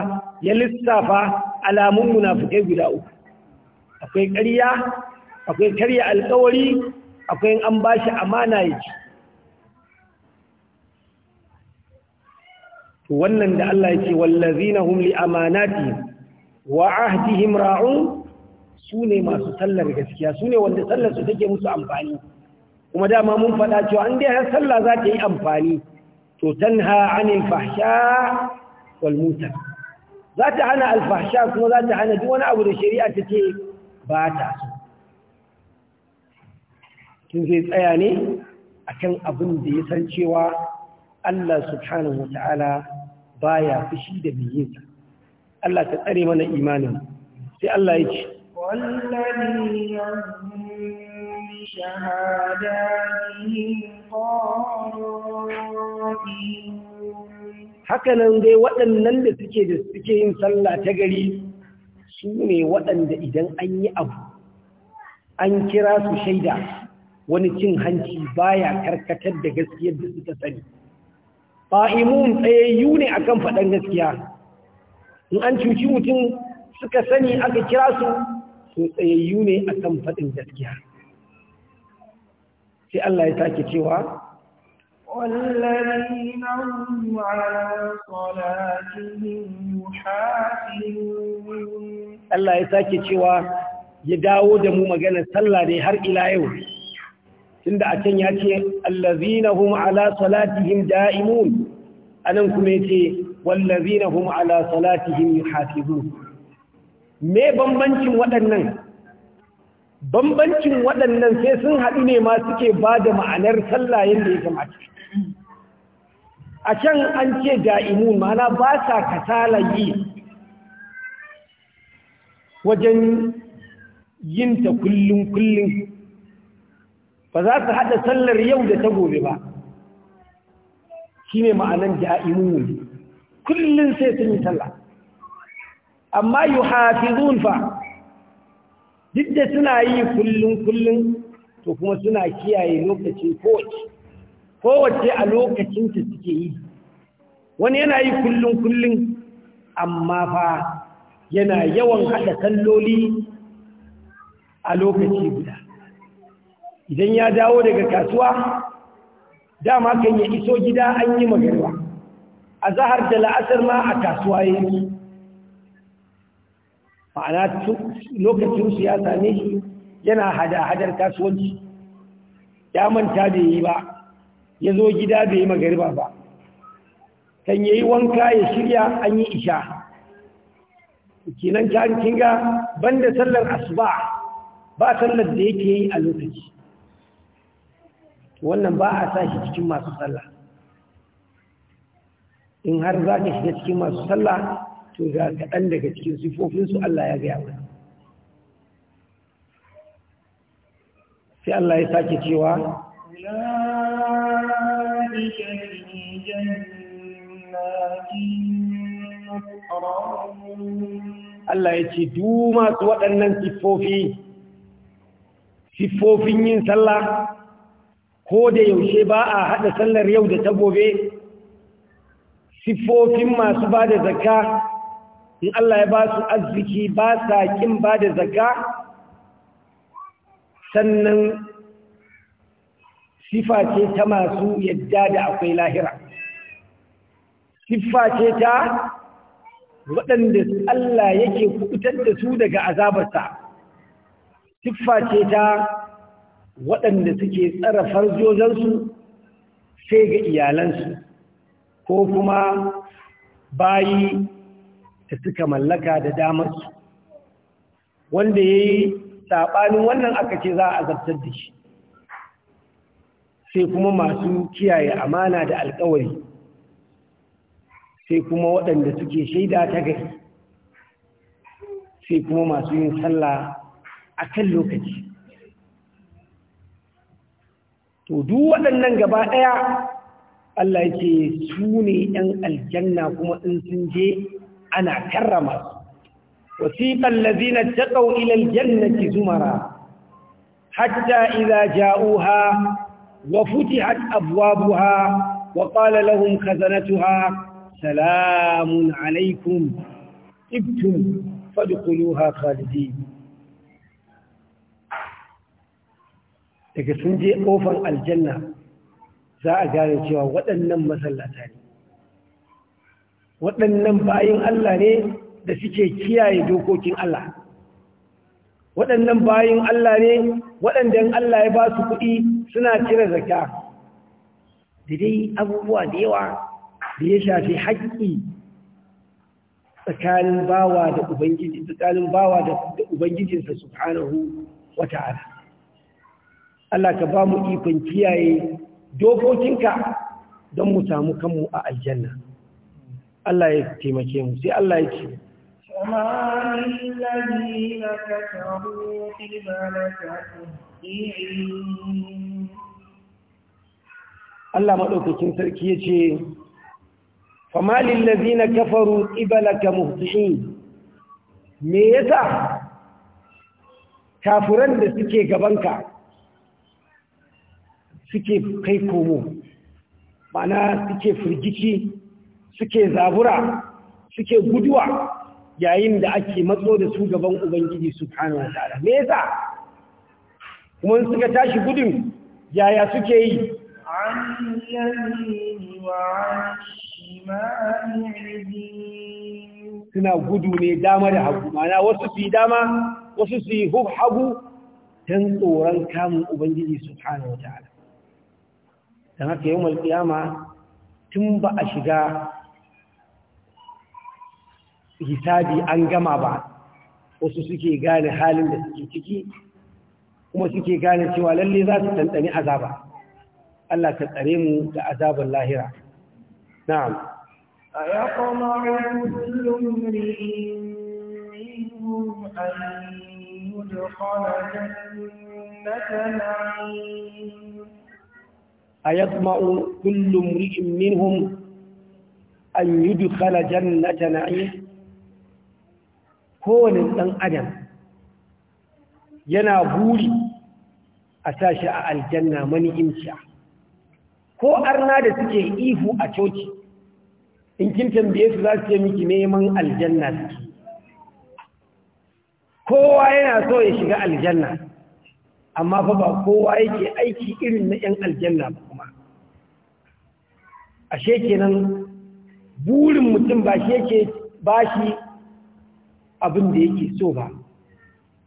ya lissafa alamun munafukai guda uku akwai ƙarya akwai karya alkawari akwai an bashi amana ya to wannan da Allah yake wallazina hum li amanati wa ahdihim ra'un sune masu sallar gaskiya sune wanda sallar su take musu amfani kuma dama mun faɗa cewa an dai har sallah za ta yi amfani to tanha anil fahsha wal munkar za ta hana alfahsha kuma za ta hana duk wani abu da shari'a ta ce ba ta so tun zai tsaya ne akan abin da ya san cewa Allah subhanahu ba baya fushi da biyinsa Allah ka tsare mana imanin sai Allah ya ce hakanan dai waɗannan da suke da suke yin sallah ta gari su ne waɗanda idan an yi abu an kira su shaida wani cin hanci baya karkatar da gaskiyar da suka sani fa'imun tsayayyu ne kan faɗan gaskiya in an cuci mutum suka sani aka kira su to tsayayyu ne a kan faɗin gaskiya sai Allah ya sake cewa Allah ya cewa ya dawo da mu maganar sallah ne har ila yau tunda a can ya ce allazina ala salatihim da'imun anan kuma yace wallazina hum ala salatihim yuhafizun me bambancin waɗannan bambancin waɗannan sai sun haɗu ne ma suke ba da ma'anar sallah yadda ya kamata a can an ce da'imun mana ba sa kasala yi wajen yin ta kullum kullum ba za su haɗa sallar yau da ta gobe ba shi ne ma'anar da'imun kullum sai sun yi sallah amma yi hafi fa duk da suna yi kullum kullum to kuma suna kiyaye lokacin kowace kowace a lokacinta ta suke yi wani yana yi kullum kullum amma fa yana yawan haɗa kalloli a lokaci guda idan ya dawo daga kasuwa dama kan ya iso gida an yi magarwa a zahar da la'asar ma a kasuwa yake ma'ana lokacin su ya same shi yana hada-hadar kasuwanci ya manta da yi ba ya zo gida bai yi magariba ba kan yayi wanka ya shirya an yi isha kinan kan kinga banda sallar asuba ba sallar da yake yi a lokaci wannan ba a sa shi cikin masu sallah in har za ka shiga cikin masu sallah to ga kaɗan daga cikin sifofinsu Allah ya gaya mana sai Allah ya sake cewa Allah ya ce duk masu waɗannan siffofi siffofin yin sallah ko da yaushe ba a haɗa sallar yau da ta gobe siffofin masu ba da zakka in Allah ya ba su arziki ba sa kin ba da zaka sannan sifa ce ta masu yadda da akwai lahira sifa ce ta waɗanda Allah yake kubutar da su daga azabarsa siffa ce ta waɗanda suke tsara farjojinsu sai ga iyalansu ko kuma bayi da suka mallaka da damar su. wanda ya yi saɓanin wannan aka ce za a zartar da shi sai kuma masu kiyaye amana da alkawari sai kuma waɗanda suke shaida ta gari sai kuma masu yin sallah a kan lokaci to duk waɗannan gaba ɗaya Allah yake su ne ‘yan aljanna kuma in sun je أنا كرم وسيق الذين اتقوا إلى الجنة زمرا حتى إذا جاءوها وفتحت أبوابها وقال لهم خزنتها سلام عليكم ابتم فادخلوها خالدين تكسنجي أوفر الجنة ذا أجاني شوى ودنم مثل waɗannan bayin Allah ne da suke kiyaye dokokin Allah waɗannan bayan Allah ne waɗanda Allah ya ba su kuɗi suna cire zakka da dai abubuwa da yawa da ya shafi haƙƙi tsakanin bawa da ubangiji tsakanin bawa da ubangijinsa subhanahu wata'ala Allah ka ba mu ikon kiyaye dokokinka don mu samu kanmu a aljanna Allah ya taimake mu sai Allah ya ce Allah maɗaukakin sarki ya ce, Famalin lazina kafaru ibalaka muhtu'in, me yasa kafuran da suke gabanka suke kai komo, mana suke firgici suke zabura suke guduwa yayin da ake matso da su gaban ubangiji subhanahu wataala me yasa kuma suka tashi gudun yaya suke yi suna gudu ne dama da hagu mana wasu fi dama wasu su yi hagu don tsoron kamun ubangiji subhanahu wataala don haka yau mulkiyama tun ba a shiga hisabi an gama ba wasu suke gane halin da suke ciki kuma suke gane cewa lalle za su tantani azaba Allah ka tsare mu da azaban lahira na'am ayaqama kullu imrin minhum an yudkhala jannatan na'im ayaqma kullu imrin minhum an yudkhala jannatan na'im kowane ɗan adam yana buri a tashi a aljanna mani imciya ko arna da suke ihu a coci in kin tambaye su za su ce miki neman aljanna suke kowa yana so ya shiga aljanna amma fa ba kowa yake aiki irin na 'yan aljanna ba kuma ashe kenan burin mutum ba shi yake ba shi abin da yake so ba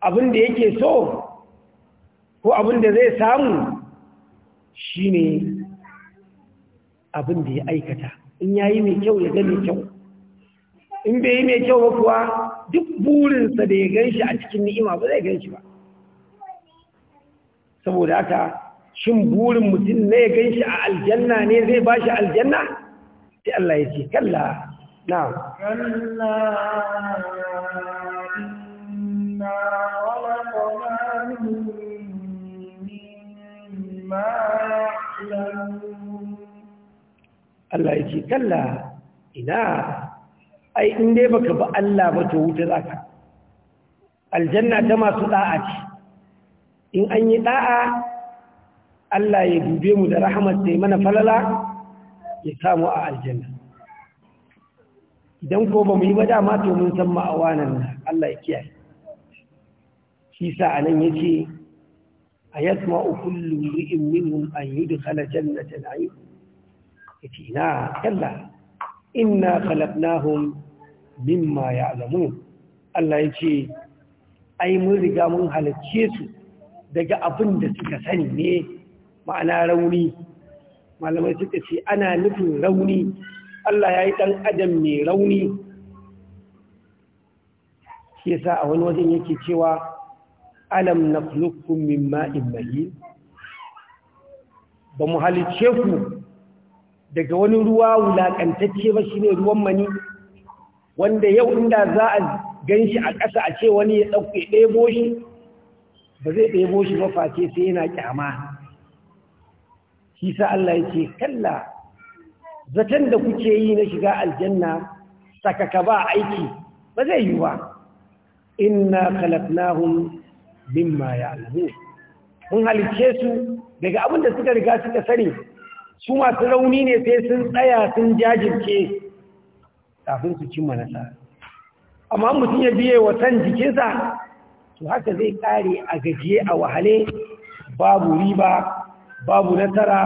abin da yake so ko abin da zai samu shine abin da ya aikata in yayi mai kyau ya gane kyau in bai yi mai kyau ba kuwa duk burinsa da ya ganshi a cikin ni'ima ba zai ganshi ba saboda haka shin burin mutum ne ya ganshi a aljanna ne zai bashi aljanna sai Allah ya ce kalla نعم كلا إنا خلقناهم مما يعلمون الله يجي كلا إنا أي إن بك بألا ذاك الجنة إن أني طاعة Allah ya dube mu da rahamar sai mana falala ya samu a aljanna idan ko ba mu yi ba dama to mun san ma'awanan Allah ya kiyaye shi sa anan yace ayatma kullu ri'in minhum an yudkhala jannatan ayn yace na kalla inna khalaqnahum mimma ya'lamun Allah yace ai mun riga mun halacce su daga abin da suka sani ne ma'ana rauni malamai suka ce ana nufin rauni Allah ya yi ɗan adam mai rauni shi yasa a wani wajen yake cewa alam na kulukun min ma'in mai ba mu halice ku daga wani ruwa wulaƙantacce ba shi ne ruwan mani wanda yau inda za a gan shi a ƙasa a ce wani ya ɗauke ɗebo shi ba zai ɗebo shi ba face sai yana ƙyama shi sa Allah ya ce kalla zaton da kuke yi na shiga aljanna sakaka ba aiki ba zai yi ba inna khalaqnahum mimma ya'lamun mun halice su daga abin da suka riga suka sani su masu rauni ne sai sun tsaya sun jajirce kafin su cimma nasara amma mutum ya biye wa san jikinsa to haka zai kare a gajiye a wahale babu riba babu nasara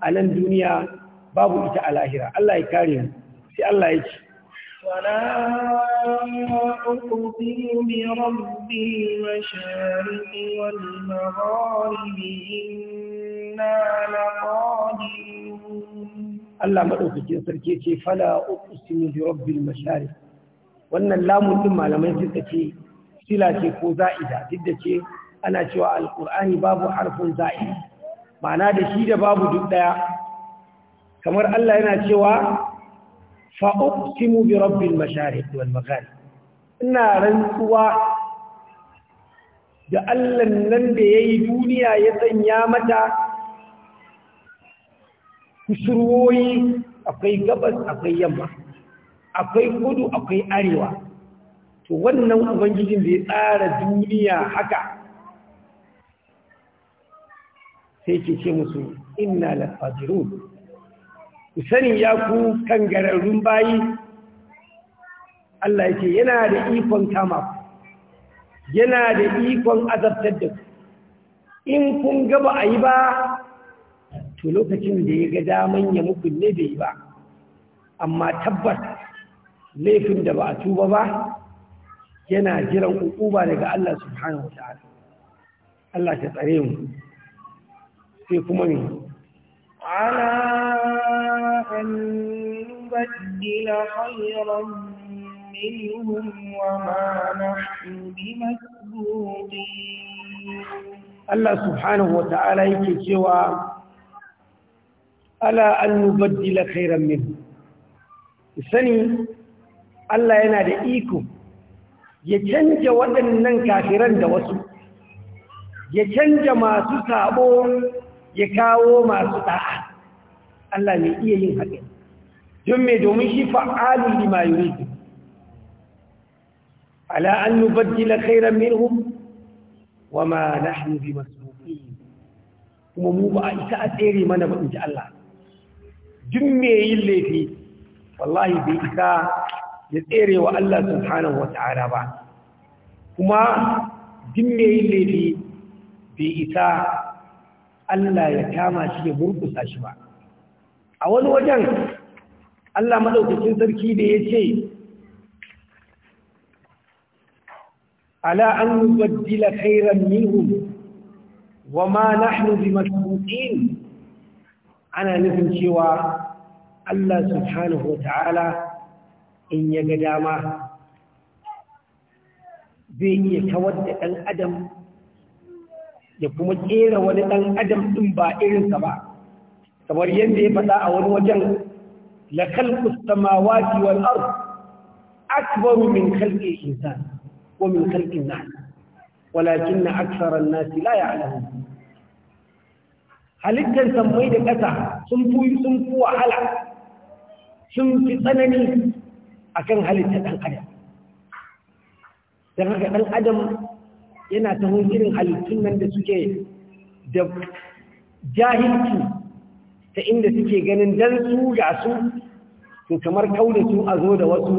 a nan duniya babu ita a lahira Allah ya kare mu sai Allah ya ce ولا أقسم برب sarki ce fala uqsimu bi rabbil masharif wannan lamun din malamai suka ce sila ce ko za'ida duk da ce ana cewa alqur'ani babu harfin za'id ma'ana da shi da babu duk daya kamar Allah yana cewa fa'uqsimu bi Rabbin masharib wal magharib ina rantsuwa da Allah nan da yayi duniya ya sanya mata kusurwoyi akwai gabas akwai yamma akwai kudu akwai arewa to wannan ubangijin da ya tsara duniya haka sai ke ce musu inna lafajirun ku sani ya ku kan gararrun bayi Allah yake yana da ikon kama ku yana da ikon azabtar da ku in kun gaba a yi ba to lokacin da ya ga daman ya muku ne bai yi ba amma tabbas laifin da ba a tuba ba yana jiran ukuba daga Allah subhanahu wa ta'ala Allah ta tsare mu sai kuma ne على أن نبدل خيرا منهم وما نحن بمسبوقين الله سبحانه وتعالى يكتوى على أن نبدل خيرا منهم الثاني Allah yana da iko ya canja waɗannan kafiran da wasu ya canja masu sabo ya kawo masu ta'a Allah mai iya yin haɗe don domin shi fa'alun lima yuridu ala an nubaddila kairan minhum wa ma na nahnu masu masbuqin kuma mu ba a isa a tsere mana ba in ji Allah duk mai yin laifi wallahi bai isa ya tsere wa Allah subhanahu wa ta'ala ba kuma duk mai yin laifi bai isa Allah ya kama shi ya burkusa shi ba a wani wajen Allah madaukakin sarki da ya ce ala an nubaddila khairan minhum wama nahnu bimasbuqin ana nufin cewa Allah subhanahu ta'ala in ya ga dama zai iya kawar da ɗan adam ya kuma ƙera wani ɗan adam ɗin ba irinsa ba kamar yadda ya faɗa a wani wajen la khalqus samawati wal ard akbar min khalqi insan wa min khalqi nas walakin akthara an-nas la ya'lamun halittar sammai da ƙasa sun fi sun fi wahala sun fi tsanani akan halittar ɗan adam don haka ɗan adam yana ta irin halittun nan da suke da jahilci ta inda suke ganin dan su ga su to kamar kaune su a zo da wasu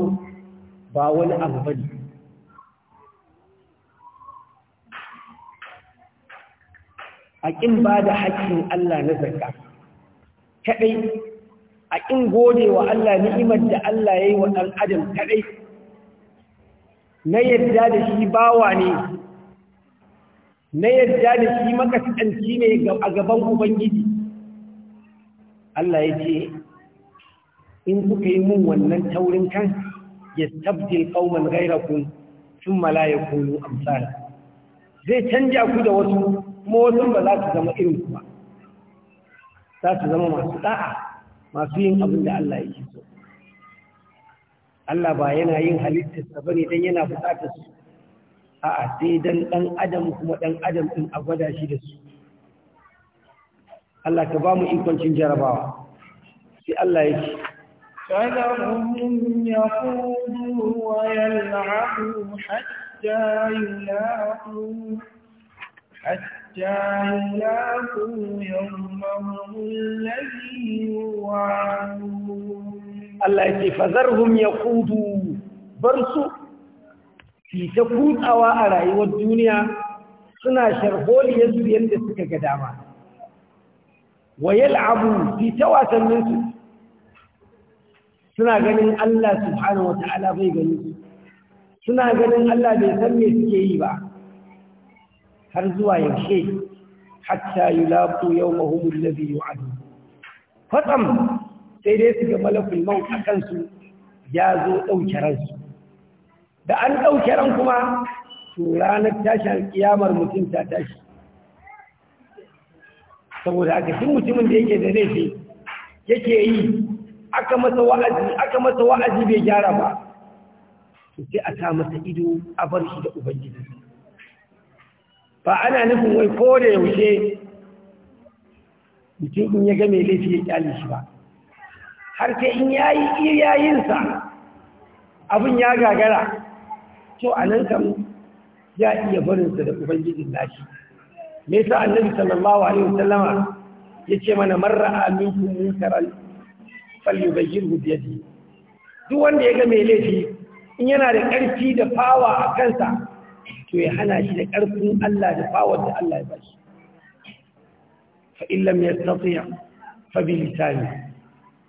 ba wani abu ba ne a ƙin ba da haƙƙin Allah na zarga kaɗai a ƙin gode wa Allah ni'imar da Allah ya yi wa ɗan adam kaɗai na yadda da shi bawa ne na yadda da shi makasƙanci ne a gaban Ubangiji Allah ya ce in kuka yi mun wannan taurin kan ya tabdil qauman ghayrakum thumma la yakunu amsal zai canja ku da wasu kuma wasu ba za su zama irin ku ba za su zama masu da'a masu yin abin da Allah yake so Allah ba yana yin halittarsa ne dan yana buƙatar su a'a sai dan ɗan adam kuma ɗan adam ɗin a gwada shi da su Allah ka ba mu jarabawa sai Allah ya ce فذرهم يخوضوا ويلعبوا حتى يلاقوا حتى يلاقوا يومهم الذي يوعدون الله يقول فذرهم يخوضوا برسوا fi ta kutsawa a rayuwar duniya suna sharholiyarsu da suka ga dama wa yal'abu fi tawasannin su suna ganin Allah subhanahu wata'ala bai gani su suna ganin Allah bai san me suke yi ba har zuwa yaushe hatta yulaqu yawmahum alladhi yu'adu fatam sai dai su ga malakul maut akan su ya zo dauke ransu da an dauke ran kuma to ranar tashin kiyamar mutum ta tashi saboda haka cikin mutumin da yake da laifi yake yi aka masa wa'azi aka masa wa'azi bai gyara ba sai a sa masa ido a bar shi da ubangiji ba ana nufin wai ko da yaushe mutum ya ga mai laifi ya kyale shi ba har sai in yayi iyayinsa abun ya gagara to anan kam ya iya barinsa da ubangijin nashi me yasa annabi sallallahu alaihi wasallam yace mana marra minkum munkaral falyubayyirhu bi yadihi duk wanda ya ga mai laifi in yana da ƙarfi da fawa a kansa to ya hana shi da ƙarfin Allah da fawar da Allah ya bashi fa in lam yastati fa bi lisani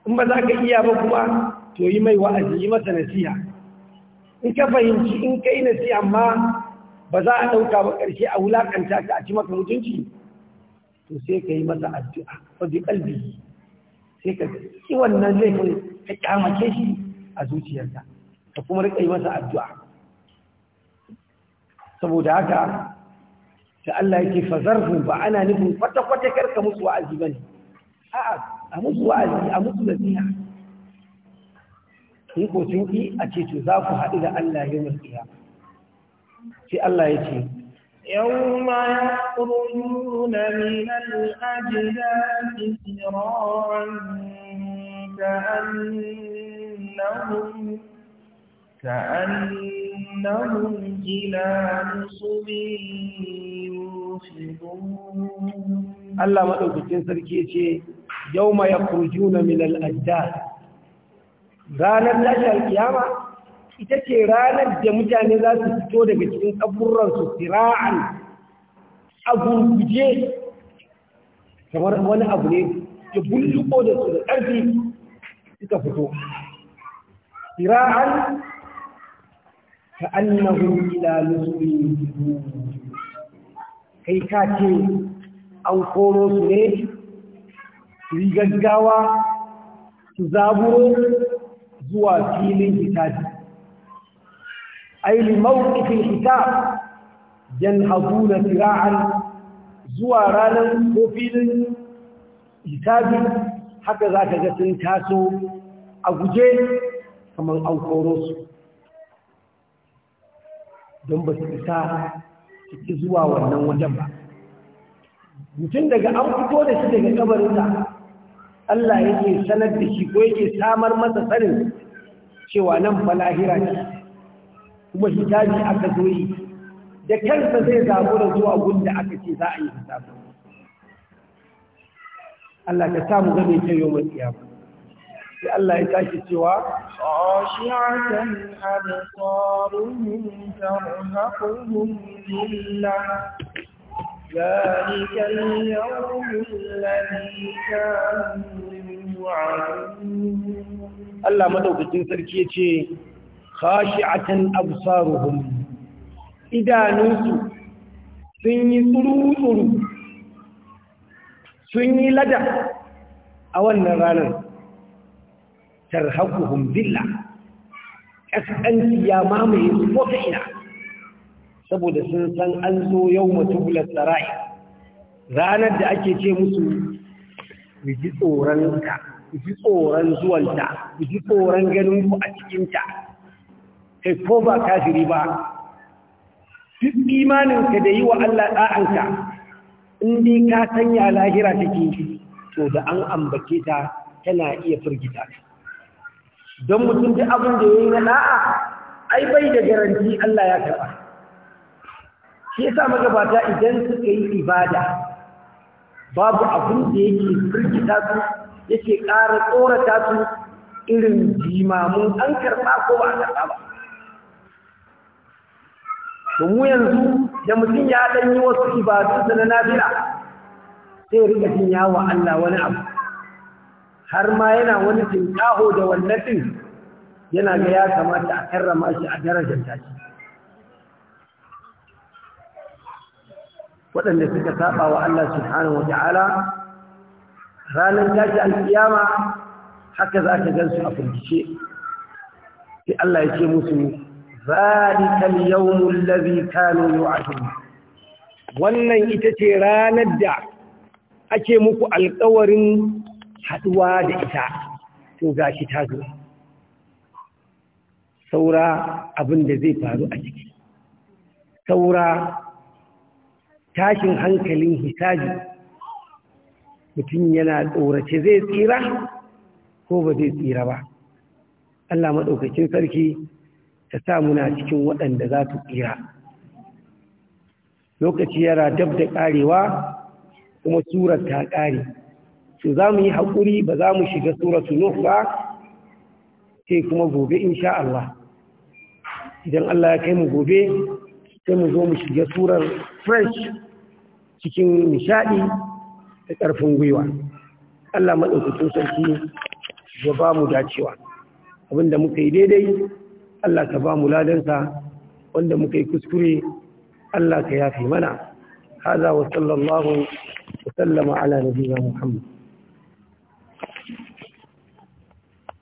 in ba za ka iya ba kuma to yi mai wa'azi yi masa nasiha in ka fahimci in kai nasiha amma ba za a ɗauka ba ƙarshe a wulaƙanta ka a ci maka mutunci to sai ka yi masa addu'a ba bi ƙalbi sai ka ci wannan laifin ka ƙyamace shi a zuciyarka ka kuma riƙa yi masa addu'a saboda haka ta Allah yake fazarhu ba ana nufin kwata-kwata karka musu wa'azi ba ne a'a a musu wa'azi a musu nasiha ko sun ki a ce to za ku haɗu da Allah yau mai kiyama sai Allah ya ce, Yawma ya ƙuru na minar ajiya isiran ta annahun ta annahun gina musubi Allah maɗaukacin sarki ya ce, Yawma ya ƙuru juna minar ajiya, ranar nashar kiyama ita ce ranar da mutane za su fito daga cikin kaburransu fira'an a gurguje kamar wani abu ne ya bulluko da su da ƙarfi suka fito fira'an ta annahun ila lusurin kai ka ce an koro su ne su yi gaggawa su zaburo zuwa filin hitabi أي لموقف الحساب ينهضون سراعا زوارانا وفيل حساب هكذا كذا تاسو أبوجين كما الأوكوروس don ba su isa suke zuwa wannan wajen ba mutum daga an fito da shi daga kabarinsa Allah yake sanar da shi ko yake samar masa sanin cewa nan fa lahira ce kuma hijabi aka zo yi da kansa zai zabu da zuwa gunda aka ce za a yi hisabi Allah ka samu zame ce yau mai Ya sai Allah ya tashi cewa khashi'atan absaruhum tarhaquhum lillah ذلك اليوم الذي كانوا يوعدون Allah madaukakin sarki ya ce. khashi'atan absaruhum idanunsu sun yi tsuru-tsuru sun yi lada a wannan ranar tarhaquhum billa, kaskanci ya mamaye su ko ina saboda sun san an zo yau matubular tsara'i ranar da ake ce musu ji tsoron ka ji tsoron zuwanta ji tsoron ganin ku a cikinta ko ba kafiri ba duk imaninka da yi wa Allah ɗa'anka in dai ka sanya lahira take to da an ambake ta tana iya firgita don mutum abin da ya yi na ɗa'a ai bai da garanti Allah ya karɓa shi yasa magabata idan suka yi ibada babu abin da yake firgita su yake ƙara tsorata su irin jimamun an karɓa ko ba a karɓa ba domin yanzu da mutum ya ɗan yi wasu ibadu na nafira sai rika jin yawa Allah wani abu har ma yana wani tinkaho da wannan yana ga ya kamata a karrama shi a darajar tashi waɗanda suka saba wa Allah subhanahu wata'ala ranar tashi alkiyama haka za ka gan su a firgice sai Allah ya ce musu ذلك اليوم الذي كانوا يعدون wannan ita ce ranar da ake muku alkawarin haduwa da ita to shi ta zo saura abin da zai faru a ciki saura tashin hankalin hisabi mutum yana tsorace zai tsira ko ba zai tsira ba Allah maɗaukacin sarki ta sa muna cikin waɗanda za su tsira lokaci yana dab da ƙarewa kuma surar ta ƙare su za mu yi haƙuri ba za mu shiga suratu nuh ba sai kuma gobe insha Allah idan Allah ya kai mu gobe sai mu zo mu shiga surar fresh cikin nishaɗi da ƙarfin gwiwa Allah maɗaukacin sarki ya ba mu dacewa abinda muka yi daidai Allah ka bamu ladansa wanda muka yi kuskure Allah ka yafe mana haza wa sallallahu wa sallama ala nabiyina muhammad